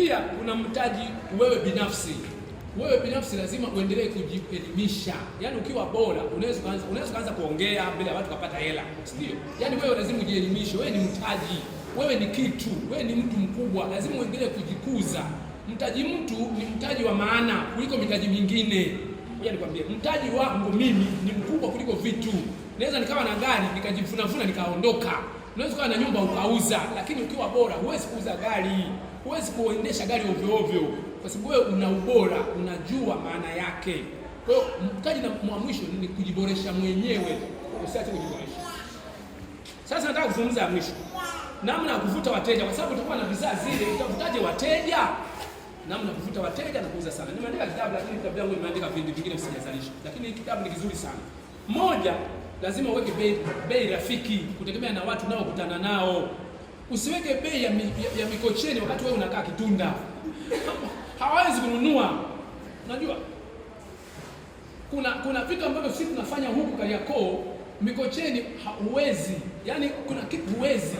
pia kuna mtaji wewe binafsi. Wewe binafsi lazima uendelee kujielimisha. Yaani ukiwa bora unaweza kuanza unaweza kuanza kuongea bila watu kupata hela, sio? Yaani wewe lazima ujielimishe, wewe ni mtaji, wewe ni kitu, wewe ni mtu mkubwa, lazima uendelee kujikuza. Mtaji mtu ni mtaji wa maana kuliko mitaji mingine. Ngoja nikwambie, mtaji wangu mimi ni mkubwa kuliko vitu. Naweza nikawa na gari nikajifunafuna nikaondoka. Unaweza kuwa na nyumba ukauza, lakini ukiwa bora huwezi kuuza gari huwezi kuendesha gari ovyo ovyo, kwa sababu wewe una ubora, unajua maana yake. Kwa hiyo mtaji wa mwisho ni kujiboresha mwenyewe, usiache kujiboresha. Sasa nataka kuzungumza mwisho, namna ya kuvuta wateja, kwa sababu utakuwa na bidhaa zile, utavutaje wateja? Namna kuvuta wateja na kuuza sana. Nimeandika kitabu, lakini kitabu changu nimeandika vingi vingine sijazalisha, lakini kitabu ni kizuri sana. Moja, lazima uweke bei, bei rafiki kutegemea na watu nao kutana nao Usiweke bei ya, mi, ya, ya mikocheni wakati wewe unakaa Kitunda. Hawawezi kununua. Unajua? Kuna kuna vitu ambavyo sisi tunafanya huku Kariakoo, mikocheni hauwezi. Yaani kuna kitu huwezi.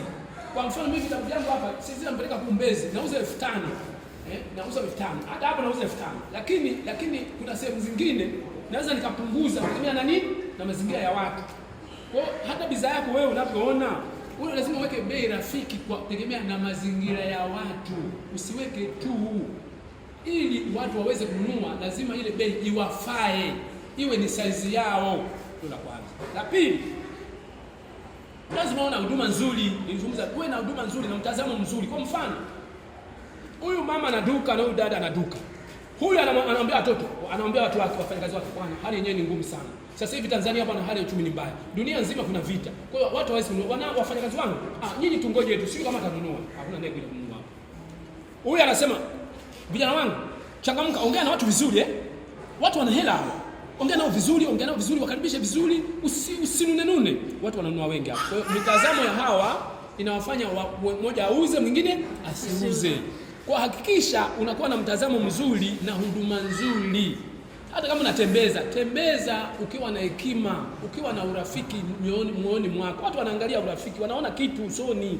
Kwa mfano mimi vitabu vyangu hapa sisi nampeleka Kumbezi, nauza 5000. Eh, nauza 5000. Hata hapo nauza 5000. Lakini lakini kuna sehemu zingine naweza nikapunguza kutumia na Na mazingira ya watu. Kwa hata bidhaa yako wewe unapoona wewe lazima uweke bei rafiki kwa kutegemea na mazingira ya watu, usiweke tu ili watu waweze kununua. Lazima ile bei iwafae, iwe ni saizi yao. La kwanza. La pili, lazima una huduma nzuri. Nilizungumza uwe na huduma nzuri na mtazamo mzuri. Kwa mfano, huyu mama ana duka na huyu dada ana duka Huyu anamwambia watoto, anamwambia watu wake, wafanyakazi wake, bwana, hali yenyewe ni ngumu sana. Sasa hivi Tanzania bwana, hali ya uchumi ni mbaya. Dunia nzima kuna vita. Kwa hiyo watu hawezi kununua. Wana wafanyakazi wangu, ah, nyinyi tungoje tu. Sio kama atanunua. Hakuna ndege ya kununua Huyu anasema, vijana wangu, changamka, ongea na watu vizuri eh. Watu wana hela hapo, Ongea nao vizuri, ongea nao vizuri, wakaribishe vizuri, usi, usinune nune. Watu wananunua wengi hapo. Kwa hiyo mitazamo ya hawa inawafanya mmoja auze, mwingine asiuze. Kwa hakikisha unakuwa na mtazamo mzuri na huduma nzuri. Hata kama unatembeza, tembeza ukiwa na hekima, ukiwa na urafiki mwoni mwako. Watu wanaangalia urafiki, wanaona kitu usoni.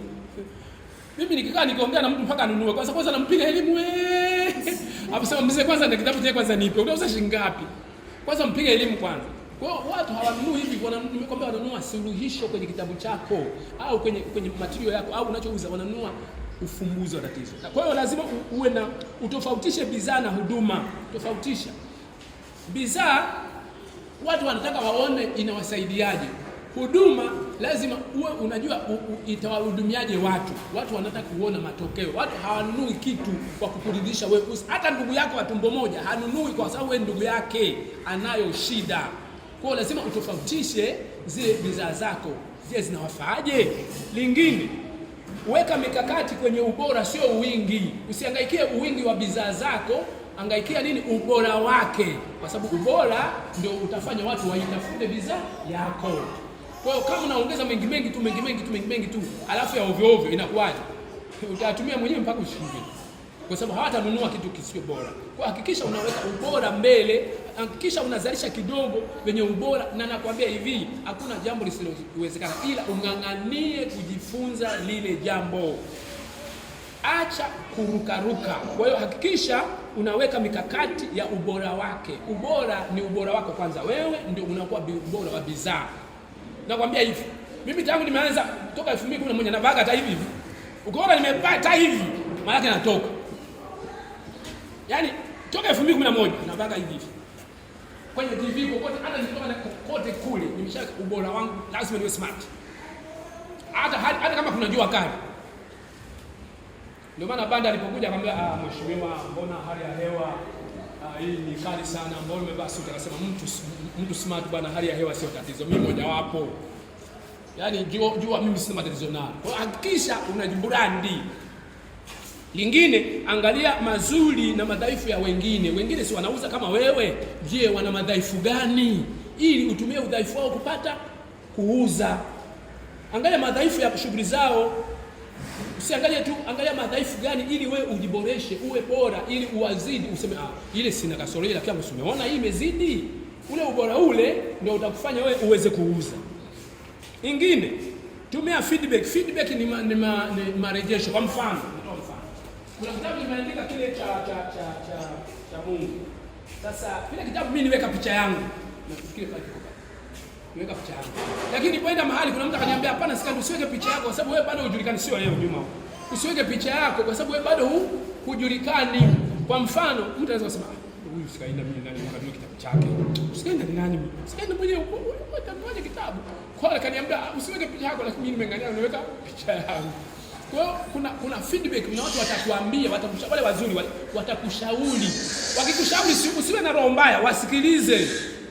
Mimi nikikaa nikiongea na mtu mpaka anunue. Kwanza kwanza nampiga elimu eh. Afisema mzee, kwanza na kitabu chake kwanza nipe. Unauza shilingi ngapi? Kwanza mpiga elimu kwanza. Kwa watu hawanunui hivi, kwa nimekwambia wananunua suluhisho kwenye kitabu chako au kwenye kwenye matirio yako au unachouza wananunua ufumbuzi wa tatizo. Kwa hiyo lazima uwe na utofautishe bidhaa na huduma, tofautisha bidhaa, watu wanataka waone inawasaidiaje. Huduma lazima uwe unajua itawahudumiaje watu. Watu wanataka kuona matokeo. Watu hawanunui kitu kwa kukuridhisha wewe. Hata ndugu yako wa tumbo moja hanunui kwa sababu wewe ndugu yake anayo shida. Kwa hiyo lazima utofautishe zile bidhaa zako, zile zinawafaaje. Lingine Weka mikakati kwenye ubora, sio uwingi. Usihangaikie uwingi wa bidhaa zako, angaikia nini? Ubora wake, kwa sababu ubora ndio utafanya watu waitafute bidhaa yako. Kwa hiyo kama unaongeza mengi mengi tu mengi mengi tu mengi mengi tu, alafu ya ovyo ovyo, inakuwaje? Utatumia mwenyewe mpaka ushindwe kwa sababu hawatanunua kitu kisicho bora. Kwa hakikisha unaweka ubora mbele, hakikisha unazalisha kidogo venye ubora, na nakwambia hivi, hakuna jambo lisilowezekana, ila ung'ang'anie kujifunza lile jambo, acha kurukaruka. Kwa hiyo hakikisha unaweka mikakati ya ubora wake. Ubora ni ubora wako kwanza, wewe ndio unakuwa ubora wa bidhaa. Nakwambia hivi, mimi tangu nimeanza toka 2011 navaga hata hivi hivi, ukiona nimepata hivi yake natoka Yaani toka 2011 nabaga hivi hivi. Kwenye TV kokote hata nikitoka na kokote kule nimesha ubora wangu lazima niwe smart. Hata hata kama kuna jua kali. Ndio maana banda alipokuja akamwambia, ah, mheshimiwa, mbona hali ya hewa ah, hii ni kali sana, mbona umevaa suti? mtu mtu smart bwana, hali ya hewa sio tatizo, mimi mmoja wapo. Yaani jua jua mimi sina matatizo nalo. Kwa hakikisha unajiburandi. Lingine, angalia mazuri na madhaifu ya wengine. Wengine si wanauza kama wewe? Je, wana madhaifu gani, ili utumie udhaifu wao kupata kuuza. Angalia madhaifu ya shughuli zao, usiangalie tu, angalia madhaifu gani, ili wewe ujiboreshe, uwe bora, ili uwazidi, useme ah, ile sina kasoro ile, lakini umeona hii imezidi. Ule ubora ule ndio utakufanya wewe uweze kuuza. Ingine, tumia feedback. Feedback ni marejesho, ma, ma, ma kwa mfano kuna kitabu nimeandika kile cha cha cha cha cha Mungu. Sasa kile kitabu mimi niweka picha yangu, nafikiri pale kiko pale, niweka picha yangu, lakini nipoenda mahali kuna mtu akaniambia, hapana, sikani usiweke picha yako kwa sababu wewe bado hujulikani. Sio leo Juma, usiweke picha yako kwa sababu wewe bado hujulikani. Kwa mfano mtu anaweza kusema huyu sikaenda mimi ndani nikajua kitabu chake. Usikaenda ni nani mimi? Sikaenda mwenye huko kitabu. Kwa hiyo akaniambia usiweke picha yako, lakini mimi nimeangalia unaweka picha yangu. Kwa hiyo kuna kuna feedback, kuna watu watakuambia, watakushauri, wale wazuri wale watakushauri. Wakikushauri si usiwe na roho mbaya, wasikilize,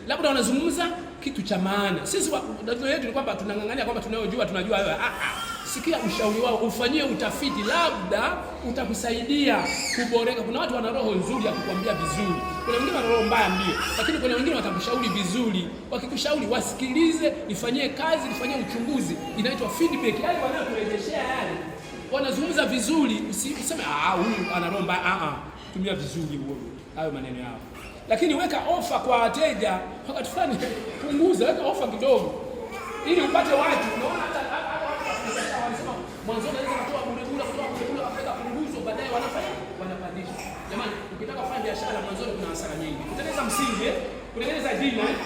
labda wanazungumza kitu cha maana. Sisi ndio yetu ni kwamba tunang'ang'ania kwamba tunayojua tunajua wewe. Ah ah, sikia ushauri wao, ufanyie utafiti, labda utakusaidia kuboreka. Kuna watu wana roho nzuri ya kukwambia vizuri, kuna wengine wana roho mbaya ndio, lakini kuna wengine watakushauri vizuri. Wakikushauri wasikilize, nifanyie kazi, nifanyie uchunguzi, inaitwa feedback. Yale wanayokuelezea yale wanazungumza vizuri, usiseme ah, ah, huyu ana roho mbaya. Ah, ah, Tumia vizuri huo hayo maneno yao, lakini weka ofa kwa wateja wakati fulani, punguza, weka ofa kidogo ili upate watu. Unaona hata wanasema mwanzo naweza kutoa bure bure, kutoa bure bure, afika punguzo, baadaye wanafanya wanapandisha. Jamani, ukitaka kufanya biashara mwanzo kuna hasara nyingi, kutengeneza msingi, eh, kutengeneza jina, eh,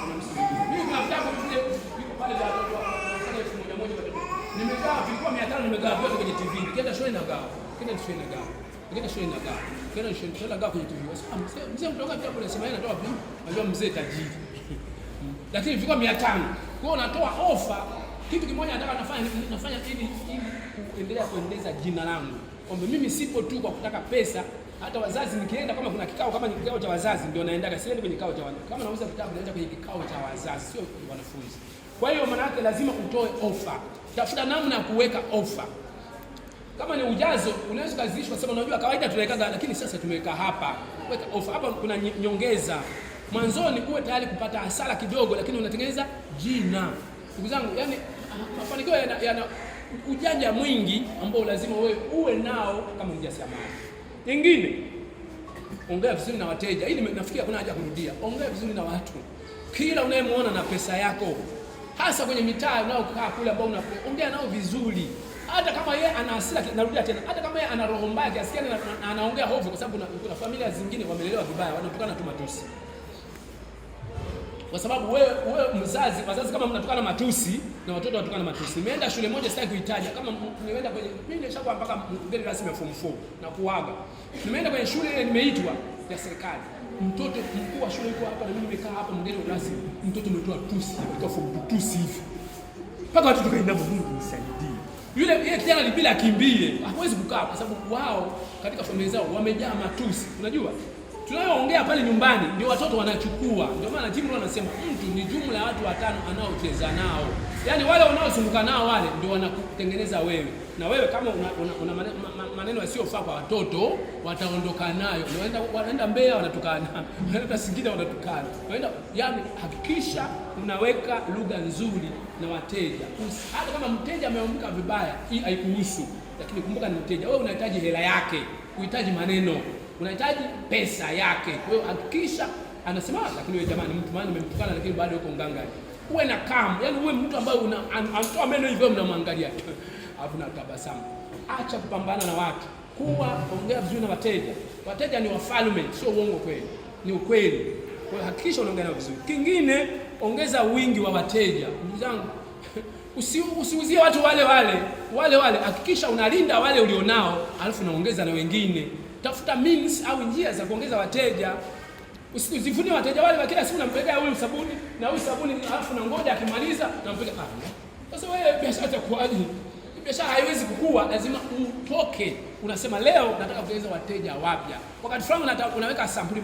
kuna msingi. Mimi kuna vitabu vile viko pale vya watoto nagawa vilikuwa mia tano nimegawa vyote kwenye TV. Nikienda shule nagawa, nikienda shule nagawa, nikienda shule nagawa, nikienda shule nagawa kwenye TV. Ah, mzee mtoka kitabu nasema yeye anatoa vipi? Najua mzee tajiri, lakini vilikuwa mia tano. Kwa hiyo unatoa ofa. Kitu kimoja nataka nafanya nafanya ili ili kuendelea kuendeleza jina langu, kwamba mimi sipo tu kwa kutaka pesa hata wazazi nikienda, kama kuna kikao, kama ni kikao cha wazazi ndio naendaga, siendi kwenye kikao cha wanafunzi. Kama nauza vitabu naenda kwenye kikao cha wazazi, sio wanafunzi. Kwa hiyo yake lazima utoe ofa, tafuta namna ya kuweka ofa. Kama ni ujazo unaweza kazishwa, sema unajua kawaida tunawekaga, lakini sasa tumeweka hapa, weka ofa hapa. Kuna nyongeza mwanzoni, uwe tayari kupata hasara kidogo, lakini unatengeneza jina. Ndugu zangu, yani mafanikio yana, yana ujanja mwingi ambao lazima wewe uwe nao kama mjasiriamali. Nyingine, ongea vizuri na wateja. Hii nafikia kuna haja kurudia, ongea vizuri na watu, kila unayemwona na pesa yako hasa kwenye mitaa unaokaa kule, ambao unaongea nao vizuri, hata kama yeye ana hasira. Narudia tena, hata kama yeye ana roho mbaya kiasi gani anaongea hofu, kwa sababu kuna familia zingine wamelelewa vibaya, wanatukana tu matusi. Kwa sababu wewe wewe mzazi, wazazi kama mnatukana matusi na watoto watukana matusi. Nimeenda shule moja, sitaki kuitaja, kama nimeenda kwenye mimi nimeshakuwa mpaka mgeni rasmi ya form 4 na kuaga, nimeenda kwenye shule ile nimeitwa ya serikali. Mtoto mkuu wa shule yuko hapa na mimi nimekaa hapa mgeni rasmi, mtoto umetoa tusi, ametoka form tusi hivi Paka watu tukaenda, Mungu nisaidie. Yule yeye tena alibila akimbie, hawezi kukaa kwa sababu wao katika familia zao wamejaa matusi. Unajua tunayoongea pale nyumbani ndio watoto wanachukua. Ndio maana jimlo anasema mtu ni jumla ya watu watano anaocheza nao, yaani wale wanaozunguka nao wale ndio wanakutengeneza wewe na wewe kama una, una, una maneno yasiyofaa kwa watoto wataondoka nayo. Wanaenda wanaenda Mbeya wanatukana, wanaenda Singida wanatukana, wanaenda yani. Hakikisha unaweka lugha nzuri na wateja, hata kama mteja ameamka vibaya, hii haikuhusu, lakini kumbuka ni mteja. Wewe unahitaji hela yake, unahitaji maneno, unahitaji pesa yake. Kwa hiyo hakikisha anasema, lakini wewe jamani, mtu maana nimemtukana, lakini bado yuko mganga. Uwe na kamu, yani uwe mtu ambaye anatoa meno hivyo, mnamwangalia alafu na tabasamu. Acha kupambana na watu, kuwa ongea vizuri na wateja. Wateja ni wafalme, sio uongo, kweli ni ukweli. Kwa hiyo hakikisha unaongea nao vizuri. Kingine, ongeza wingi wa wateja. Ndugu zangu, usiuzie watu wale wale wale wale. Hakikisha unalinda wale ulionao, alafu naongeza na wengine. Tafuta means au njia za kuongeza wateja. Usizifuni wateja wale wa kila siku, nampelekea huyu sabuni na huyu sabuni, alafu na ngoja akimaliza Ah, Sasa wewe biashara itakuwaje? biashara haiwezi kukua, lazima utoke. Unasema leo nataka kueleza wateja wapya. Wakati fulani unaweka sampuli,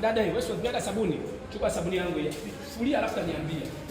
dada, wewe usipoenda sabuni, chukua sabuni yangu ya fulia, alafu taniambia